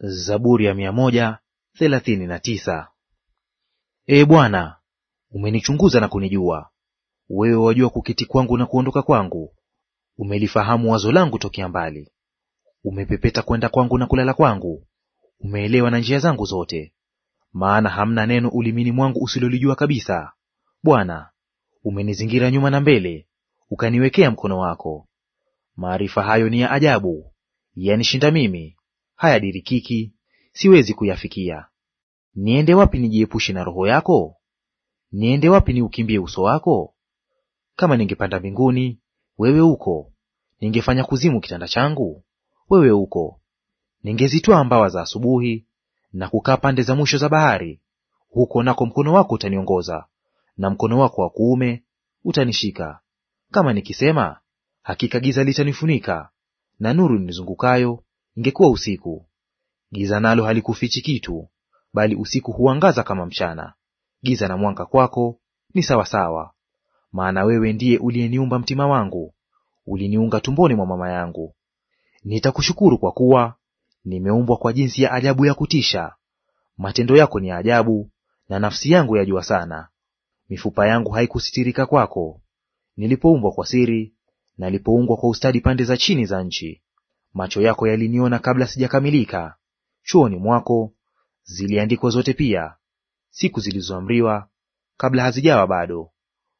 Zaburi ya mia moja thelathini na tisa. Ee Bwana, umenichunguza na kunijua. Wewe wajua kuketi kwangu na kuondoka kwangu, umelifahamu wazo langu tokea mbali. Umepepeta kwenda kwangu na kulala kwangu, umeelewa na njia zangu zote. Maana hamna neno ulimini mwangu usilolijua kabisa. Bwana, umenizingira nyuma na mbele, ukaniwekea mkono wako. Maarifa hayo ni ya ajabu, yanishinda mimi, hayadirikiki, siwezi kuyafikia. Niende wapi nijiepushe na roho yako? Niende wapi niukimbie uso wako? Kama ningepanda mbinguni, wewe uko; ningefanya kuzimu kitanda changu, wewe uko. Ningezitwaa mbawa za asubuhi na kukaa pande za mwisho za bahari, huko nako mkono wako utaniongoza, na mkono wako wa kuume utanishika. Kama nikisema, hakika giza litanifunika, na nuru nizungukayo ingekuwa usiku. Giza nalo halikufichi kitu, bali usiku huangaza kama mchana. Giza na mwanga kwako ni sawasawa. Maana wewe ndiye uliyeniumba mtima wangu, uliniunga tumboni mwa mama yangu. Nitakushukuru kwa kuwa nimeumbwa kwa jinsi ya ajabu ya kutisha. Matendo yako ni ajabu, na nafsi yangu yajua sana. Mifupa yangu haikusitirika kwako, nilipoumbwa kwa siri, nalipoungwa kwa ustadi pande za chini za nchi. Macho yako yaliniona kabla sijakamilika, chuoni mwako ziliandikwa zote pia siku zilizoamriwa kabla hazijawa bado.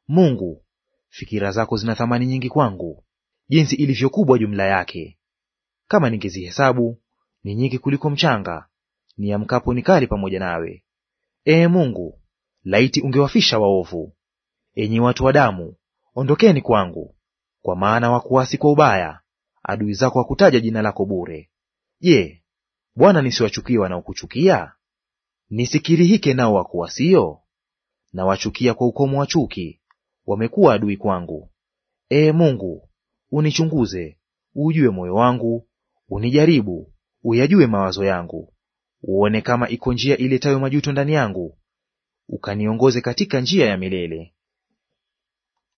Mungu, fikira zako zina thamani nyingi kwangu, jinsi ilivyokubwa jumla yake! Kama ningezihesabu, ni nyingi kuliko mchanga; niamkapo nikali pamoja nawe. Ee Mungu, laiti ungewafisha waovu! Enyi watu wa damu, ondokeni kwangu, kwa maana wakuasi kwa ubaya adui zako hakutaja jina lako bure. Je, Bwana, nisiwachukie wanaokuchukia? Nisikirihike nao wakuwasio? Nawachukia kwa ukomo wa chuki, wamekuwa adui kwangu. Ee Mungu, unichunguze, ujue moyo wangu, unijaribu, uyajue mawazo yangu, uone kama iko njia iletayo majuto ndani yangu, ukaniongoze katika njia ya milele.